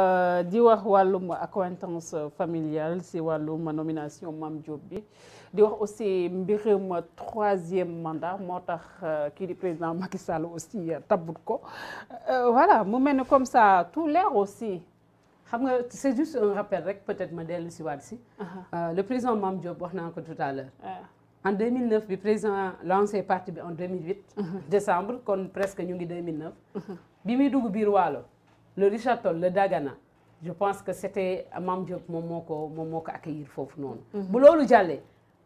Euh, di wax wàllum accointance euh, familiale si wàllum nomination Mame Diop bi di wax aussi mbirum troisième mandat moo tax euh, kii di président Macky Sall aussi tabut ko voilà mu mel ni comme ça tout l'air aussi xam nga c'est juste un rappel rek peut-être ma dellu si waat si uh-huh. le président Mame Diop wax naa ko tout à l'heure en 2009 bi président lancé parti bi en 2008 uh-huh. décembre kon presque ñu ngi 2009 uh-huh. bi biir Waalo le Richard Toll le Dagana je pense que c'était Mame mam moom moo ko moom moo ko accueillir foofu noonu mhm. bu loolu jàllee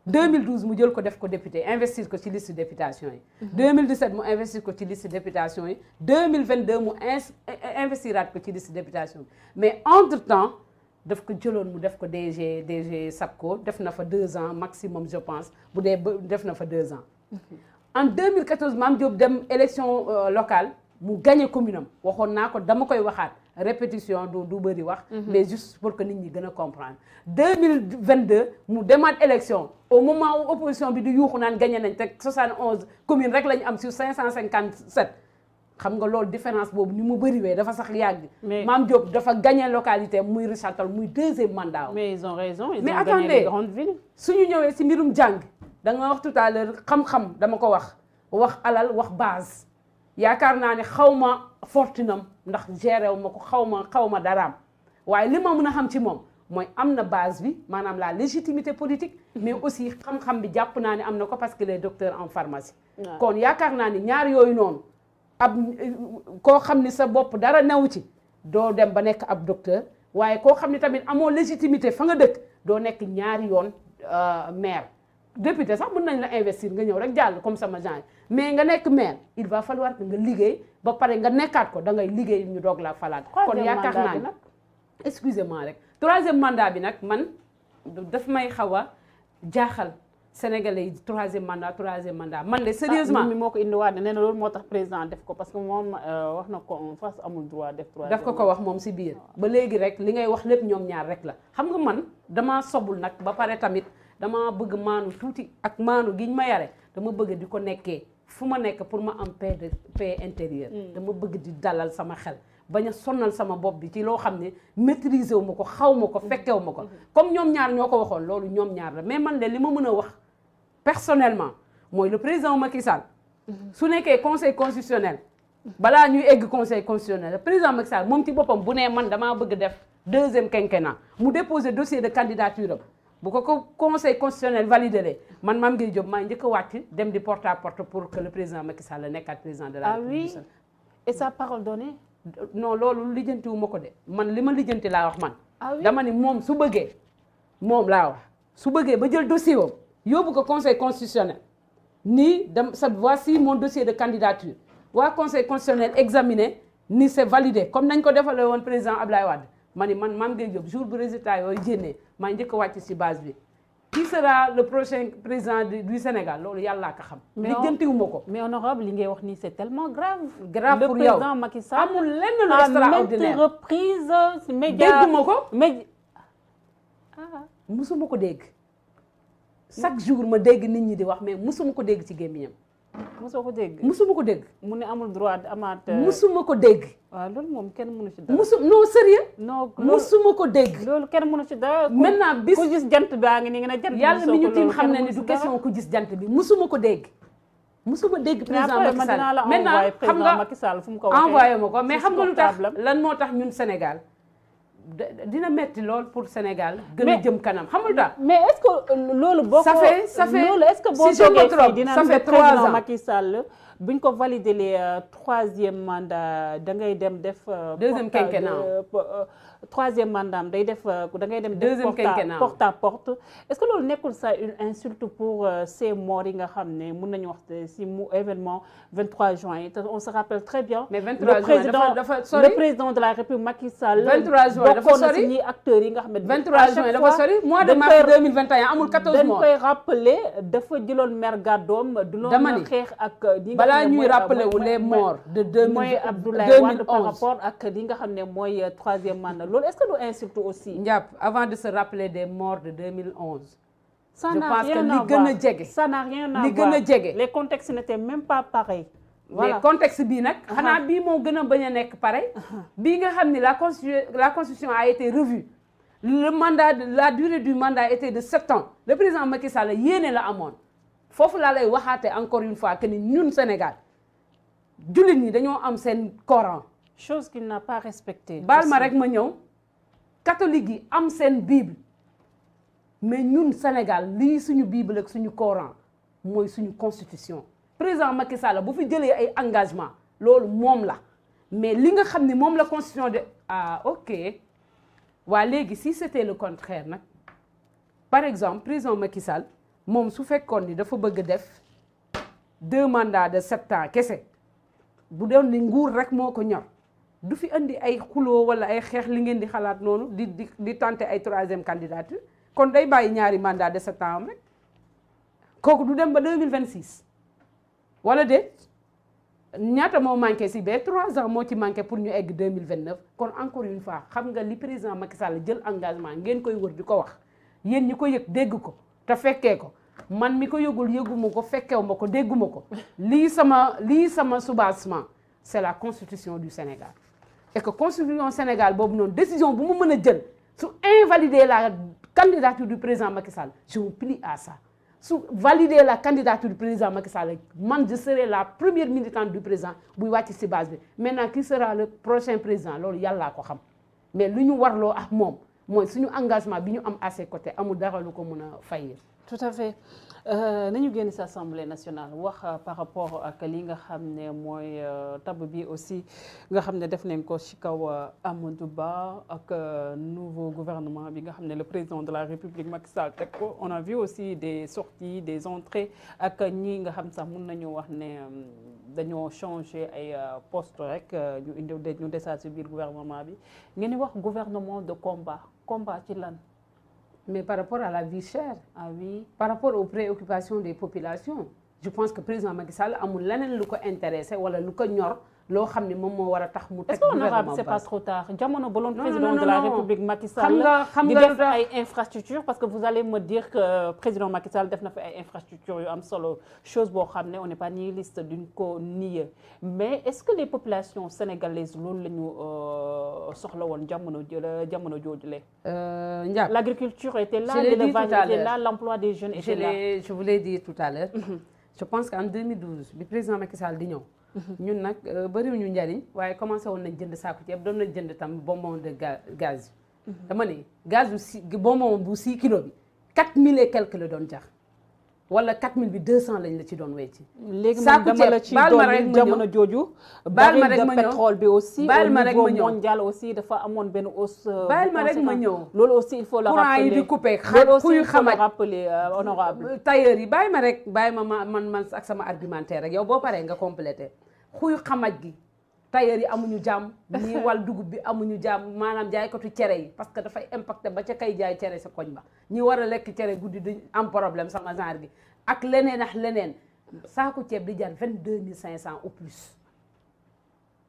2012 mu jël ko def ko député investir ko ci liste députation yi 2017 mhm. mu investir ko ci liste députation yi 2022 mu investiraat ko ci liste députation yi mais entre temps daf ko jëloon mu def ko DG DG SAPCO def na fa deux ans maximum je pense bu dee def na fa deux ans mhm. en 2014 Mame Diop dem élection euh, locale mu gagné commune am waxoon naa ko dama koy waxaat répétition du du bëri wax. Mhm. mais juste pour que nit ñi gën a comprendre. deux mille vingt deux mu demaat élection au moment où opposition bi di yuuxu naan gagné nañ te soixante onze commune rek la am su cinq cent cinquante sept. xam nga loolu différence boobu ni mu bëriwee dafa sax yàgg. mais Mame Diop dafa gagné localité muy Richard Toll muy deuxième mandat. mais ils ont raison ils mais ont attendez, gagné les grandes villes. su ñu ñëwee si mbirum jàng da nga wax tout à l'heure dama ko wax wax alal wax base. yaakaar naa ne xaw ma fortune am ndax géré wu ma ko xaw ma xaw ma daraam waaye li ma mun a xam ci moom mooy am na base bi maanaam la légitimité politique. mais aussi xam-xam bi jàpp naa ne am na ko parce que les docteurs en pharmacie. kon yaakaar naa ne ñaar yooyu noonu. ab koo xam ni sa bopp dara newu ci doo dem ba nekk ab docteur waaye koo xam ni tamit amoo légitimité fa nga dëkk doo nekk ñaari yoon euh, maire. député sax mën nañ la investir nga ñëw rek jàll comme sama genre mais nga nekk maire il va falloir que nga liggéey ba pare nga nekkaat ko da ngay liggéey ñu doog laa falaat kon yaakaar naa ne excusez-moi rek troisième mandat bi nag man daf may xaw a jaaxal sénégalais yi troisième mandat troisième mandat man de sérieusement ah, mi moo ko indiwaat ne nee na loolu moo tax président def ko parce que moom euh, wax na ko fas amul droit def daf ko ko wax moom si biir ba léegi rek li ngay wax lépp ñoom ñaar rek la xam nga man damaa sobul nag ba pare tamit damaa bëgg maanu tuuti ak maanu ñu ma yare dama bëgg di ko nekkee fu ma nekk pour ma am paix de paix intérieure mm. dama bëgg di dalal sama xel bañ a sonnal sama bopp bi ci loo xam ne maîtriser wu ma ko xaw ma ko mm-hmm. fekkewu ma ko mm-hmm. comme ñoom ñaar ñoo ko waxoon loolu ñoom ñaar la mais man de li ma mën a wax personnellement mooy le président ma Sall mm-hmm. su nekkee conseil constitutionnel balaa ñuy egg conseil constitutionnel la président ma Sall moom ci boppam bu nee man damaa bëgg def deuxième quinquennat mu déposé dossier de candidature am bu ko ko conseil constitutionnel valide le man Mame Gueye Diop maa njëkk wàcc dem di porte à pour que le président Macky Sall nekkaat président de la République. ah oui et sa parole donnée. non loolu lijjanti wu ma ko de man li ma lijjanti laa wax man. ah oui dama ni moom su bëggee moom laa wax su bëggee ba jël dossier wam yóbbu ko conseil constitutionnel nii dem sa voici mon dossier de candidature waa conseil constitutionnel examiné ni c'est validé comme nañ ko defalee woon président Ablaye Wade. ma ni man Mame Gueye Diop jour bu résultat yooyu génnee maa njëkk a wàcc si base bi qui sera le prochain président du Sénégal loolu yàllaa ka xam. mais jëntiwuma ko. mais honorable li ngay wax nii c'est tellement grave. grave pour yow le président Macky Sall amul lenn lu extraordinaire à maintes reprises. média dégguma ko mais. ah musuma ko dégg. chaque jour ma dégg nit ñi di wax mais musuma ko dégg ci gémmiñam mosoo ko dégg mosuma ko dégg mu ne amul droit amaat euh, mosuma ko dégg waaw loolu moom kenn mënu ci dara mosu non sérieux non mosuma ko dégg loolu kenn mënu ci dara maintenant bis ku gis jant baa ngi nii nga ne yàlla mi ñu tiim xam ne ni du question gis jant bi mosuma ko dégg mosuma dégg président Macky Sall maintenant xam nga Macky Sall fu mu ko envoyé ma ko mais xam nga lu tax lan moo tax ñun Sénégal dina metti lool pour Sénégal. gën a jëm kanam xamul daal. mais est-ce que euh, loolu. boo ko ça fait ça fait loolu est-ce que boo. si je me trompe ça fait trois ans dina am président Macky Sall buñ ko valider les euh, troisième mandat da ngay dem def. Euh, deuxième quinquennat euh, troisième mandat am day def da ngay dem. deuxième quinquennat porte à porte est-ce que loolu nekkul ça une insulte pour ces morts yi xam ne mun nañu wax si mu événement 23 juin yi on se rappelle très bien. le président de la République Macky Sall. 23 si acteurs yi nga xam ne. 23 juin dafa mois de mars 2021 amul 14 mois dañ koy rappeler dafa jëloon balaa ñuy euh, rappeler wu les morts de deux mille mooy Abdoulaye Wade par rapport ak li nga xam ne mooy euh, troisième mandat loolu est-ce que du insulte aussi. njàpp avant de se rappeler des morts de 2011. ça n'a rien à gën a jege. ça n'a rien à a jege. les contextes n'étaient même pas pareils. voilà mais contexte bii nag. Uh-huh. xanaa bii moo gën a bañ a nekk pareil. Uh-huh. bi nga xam ni la constitution la constitution a été revue. le mandat la durée du mandat été de sept le président Macky Sall yéene la amoon. foofu laa lay waxaate encore une fois que ni ñun Sénégal jullit ñi dañoo am seen Coran. chose qu'il n'a pas respecté. baal ma rek ma ñëw catholique yi am seen Bible mais ñun Sénégal lii suñu Bible ak suñu Coran mooy suñu constitution président Macky Sall bu fi jëlee ay engagement loolu moom la mais li nga xam ne moom la constitution de ah ok waa léegi si c'était le contraire nag par exemple président Macky Sall. moom su fekkoon ni dafa bëgg def deux mandats de sept kese bu doon ni nguur rek moo ko ñor du fi indi ay xuloo walla ay xeex li ngeen di xalaat noonu di di di tenter ay troisième candidature kon day bàyyi ñaari mandat de sept ans am rek kooku du dem ba deux mille vingt six walla déet ñaata moo manqué si ba trois ans moo ci manqué pour ñu egg deux mille vingt neuf kon encore une fois xam nga li président Macky Sall jël engagement ngeen koy wër di ko wax yéen ñi ko yëg dégg ko. te fekkee ko man mi ko yëgul yëguma ko fekkew ma ko dégguma ko lii sama lii sama soubassement c'est la constitution du Sénégal et que constitution Sénégal boobu noonu décision bu mu mën a jël su invalider la candidature du président Macky Sall je vous à ça su valider la candidature du président Macky Sall man je serai la première militante du président buy wàcc ci base bi maintenant qui sera le prochain président loolu yàllaa ko xam mais lu ñu warloo ak moom mooy suñu engagement bi ñu am à ses côtés amul dara lu ko mën a fayir. tout à fait euh, nañu génn si assemblée nationale wax euh, par rapport ak li nga xam ne mooy euh, tabb bi aussi nga xam ne def nañ ko ci kaw Amadou Ba ak nouveau gouvernement bi nga xam ne le président de la République Macky Sall teg ko on a vu aussi des sorties des entrées ak ñi nga xam sax mun nañu wax ne dañoo changer ay poste rek ñu indi ñu desaat si biir gouvernement bi ngeen di wax gouvernement de combat. combat ci lan. mais par rapport à la vie chère. ah oui par rapport aux préoccupations des populations. je pense que président Macky Sall amul leneen lu ko intéressé wala lu ko ñor. loo xam ne moom moo war a tax mu teg gouvernement c'est jamono ba loon président de la république Macky Sall di def ay infrastructure parce que vous allez me dire que euh, président Macky def na fi ay infrastructure yu am solo chose boo xam ne on n'est pas nihiliste duñ ko nier mais est-ce que les populations sénégalaises loolu la ñu euh, soxla woon jamono jamono joojule euh, l'agriculture était là l'élevage était là l'emploi des jeunes était là je vous l'ai tout à l'heure mhm. je pense qu'en président Macky Sall di ñëw ñun nag euh, bëriwu ñu njariñ waaye commencé woon nañ jënd saaku ceeb doon nañ jënd tam bonbon de gaz yi mhm. dama ne gaz bu si bonbon bu 6 kilo bi 4000 et quelque la doon jax wala 4000 bi 200 lañ la ci doon wecc. saaku ceeb léegi man dama la ci doon jamono jooju. baal ma rek ma ñëw baril de bi aussi. baal ma rek ma ñëw au aussi dafa amoon benn hausse. baal ma rek ma ñëw loolu aussi il faut le rappeler courant yi di coupé. loolu aussi il faut le rek euh, honorable. Euh, tailleur ma rek bàyyi ma man man ak sama argumentaire rek yow boo paree nga complété xuy xamaj gi. tailleur yi amuñu jàmm ñii wal dugub bi amuñu jàmm maanaam jaay jaaykatu cere yi parce que dafay impacté ba ca kay jaay cere sa koñ ba ñi war a lekk cere guddi duñ am problème sama genre gi ak leneen ak leneen saako ceeb di jar vingt deux mille cinq cent au plus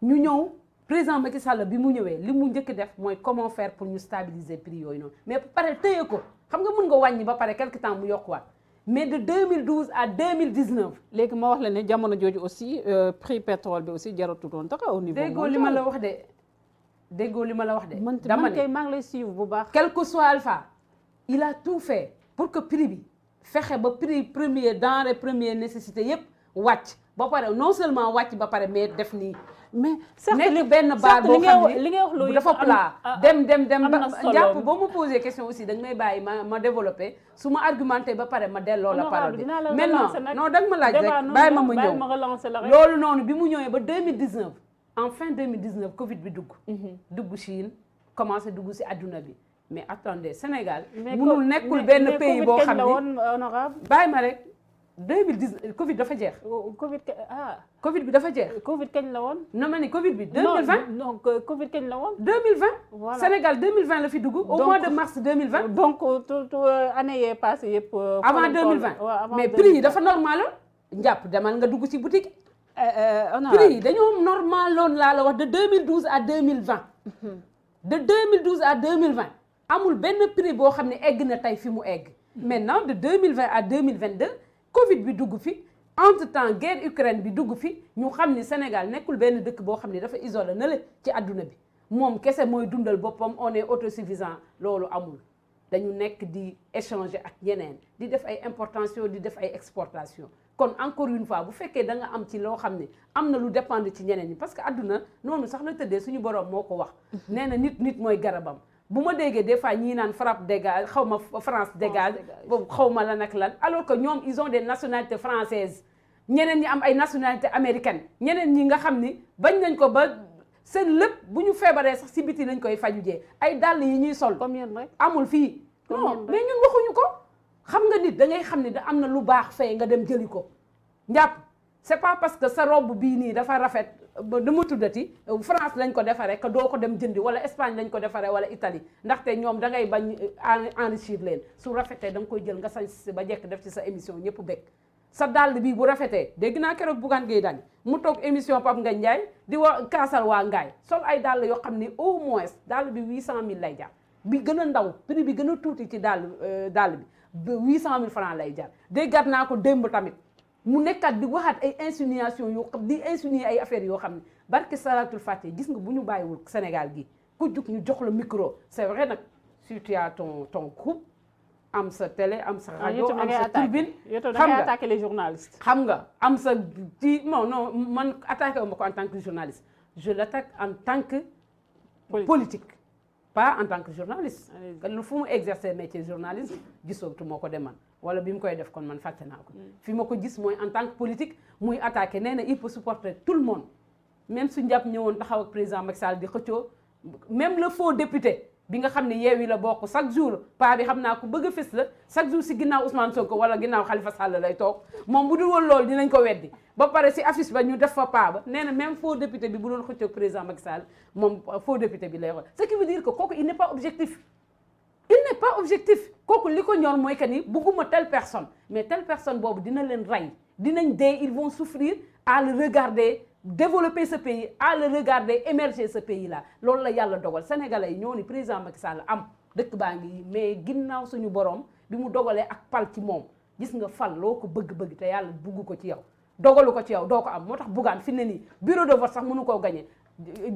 ñu ñëw président Macky Sall bi mu ñëwee li mu njëkk def mooy comment faire pour ñu stabiliser prix yooyu noonu mais pare téye ko xam nga mun nga wàññi ba pare quelque temps mu yokkuwaat mais de 2012 à 2019 léegi ma wax la ne jamono jooju aussi euh, prix pétrole bi aussi jaratu doon tax au niveau. déggoo li ma la wax de déggoo li ma la wax de. dama ne man kay maa lay suivre bu baax. quel que soit alpha il a tout fait pour que prix bi fexe ba prix premier denrée première nécessité yépp wàcc ba pare non seulement wàcc ba pare mais def nii. mais certes li benn baat boo xam ne li ngay wax loolu dafa plat ah, dem dem dem ba jàpp boo ma posé question aussi da nga may bàyyi ma ma développé su ma argumenté ba pare ma delloo la parole bi maintenant non da nga ma laaj rek bàyyi ma ma ñëw loolu noonu bi mu ñëwee ba 2019 en fin 2019 covid bi dugg mhm. duggu Chine commencé dugg si adduna bi mais attendez Sénégal mënul nekkul benn pays boo xam ne euh, bàyyi ma rek 2010 Covid dafa jeex. Covid ah. Covid bi dafa jeex. Covid kañ la woon. non ma ne Covid bi. 2020 non non Covid kañ la woon. 2020. voilà Sénégal 2020 la fi dugg. au mois de mars 2020. donc tout année yee passé yëpp. avant 2020 mais prix yi dafa normal la. njàpp demal nga dugg ci boutique. on prix yi dañoo normal loon laa la wax de 2012 à 2020. de 2012 à 2020. amul benn prix boo xam ne egg na tey fi mu egg. maintenant de 2020 à 2022. Covid bi dugg fi entre temps guerre Ukraine bi dugg fi ñu xam ni Sénégal nekkul benn dëkk boo xam ni dafa isolé na la ci àdduna bi moom kese mooy dundal boppam on auto autosuffisant loolu amul dañu nekk di échanger ak ñeneen di def ay importation di def ay exportation kon encore une fois bu fekkee da am ci loo xam ne am na lu dépendre ci ñeneen yi parce que àdduna noonu sax na tëddee suñu borom moo ko wax mm-hmm. nee na nit nit mooy garabam bu ma déggee des fois ñii naan frappe dégage xaw ma France dégage boobu xaw ma lan ak lan alors que ñoom ils ont des nationalités françaises ñeneen ñi am ay nationalités américaines ñeneen ñi nga xam ni bañ nañ ko ba seen lépp bu ñu feebaree sax si biti lañ koy faju jee ay dàll yi ñuy sol amul fii non mais ñun waxuñu ko xam nga nit da xam ni da am na lu baax fee nga dem jëli ko njàpp c'est pas parce que sa rob bii nii dafa rafet ba dama tuddati France lañ ko defaree que doo ko dem jëndi wala Espagne lañ ko defaree wala Italie ndaxte ñoom da ngay bañ enrichir leen su rafetee da nga koy jël nga sañ si ba jekk def ci sa émission ñëpp bekk sa dàll bi bu rafetee dégg naa keroog Bougane Gueye Dany mu toog émission Pape Ngagne Ndiaye di wa waa Ngaye sol ay dàll yoo xam ni au moins dàll bi 800000 lay jar bi gën a ndaw prix bi gën a tuuti ci dàll euh, dàll bi 800000 francs lay jar déggaat naa ko démb tamit mu nekkaat di waxaat ay insinuation yoo xam di insinuer ay affaires yoo xam ne barke salatul fàtte gis nga bu ñu bàyyiwul Sénégal gi ku jug ñu jox la micro c'est vrai nag si tu as ton ton am sa télé am sa ah, rajo am sa turbine xam nga attaqué les journalistes xam nga am sa ci non non man attaqué wu ma en tant que journaliste je l'attaque en tant que politique pas en tant que journaliste fu mu exercer métier journaliste gisootu moo ko deman wala bi mu koy def kon man fàtte naa ko mm. fi ma ko gis mooy en tant que politique muy attaqué nee na il peut supporter tout le monde même su njàpp ñëwoon taxaw ak président Macky Sall di xëccoo même le faux député bi nga xam ni ne yeewi la bokk chaque jour pa bi xam naa ko bëgg a fës la chaque jour si ginnaaw Ousmane Sonko wala ginnaaw xalifa Sall lay toog moom bu dul woon loolu dinañ ko weddi ba pare si affiche ba ñu def fa pa ba nee na même faux député bi bu doon xëccoo ak président Macky Sall moom faux député bi lay wax ce il n'est pas objectif kooku li ko ñor mooy que ni bëgguma telle personne mais telle personne boobu dina leen rey dinañ de ils vont souffrir à le regarder développer ce pays à le regarder émerger ce pays là loolu la yàlla dogal sénégalais yi ñoo ni président Macky Sall am dëkk baa ngi mais ginnaaw suñu borom bi mu dogalee ak pal ci moom gis nga fal loo ko bëgg-bëgg te yàlla bugg ko ci yow dogalu ko ci yow doo ko am moo tax buggaan fi ne nii bureau de vote sax mënu koo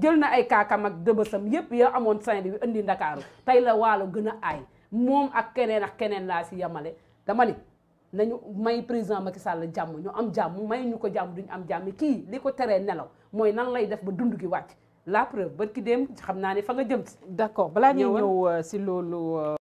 jël na ay kaakam ak dëbësam yépp ya amoon Saint-Louis indi ndakaaru tey la waalo gën a aay moom ak keneen ak keneen laa si yamale dama ni nañu may président Macky Sall jàmm ñu am jàmm may ñu ko jàmm duñu am jàmm kii li ko teree nelaw mooy nan lay def ba dund gi wàcc la preuve ba dem xam naa ne fa nga jëm si. d'accord balaa ñëw ñëw euh, si loolu. Euh,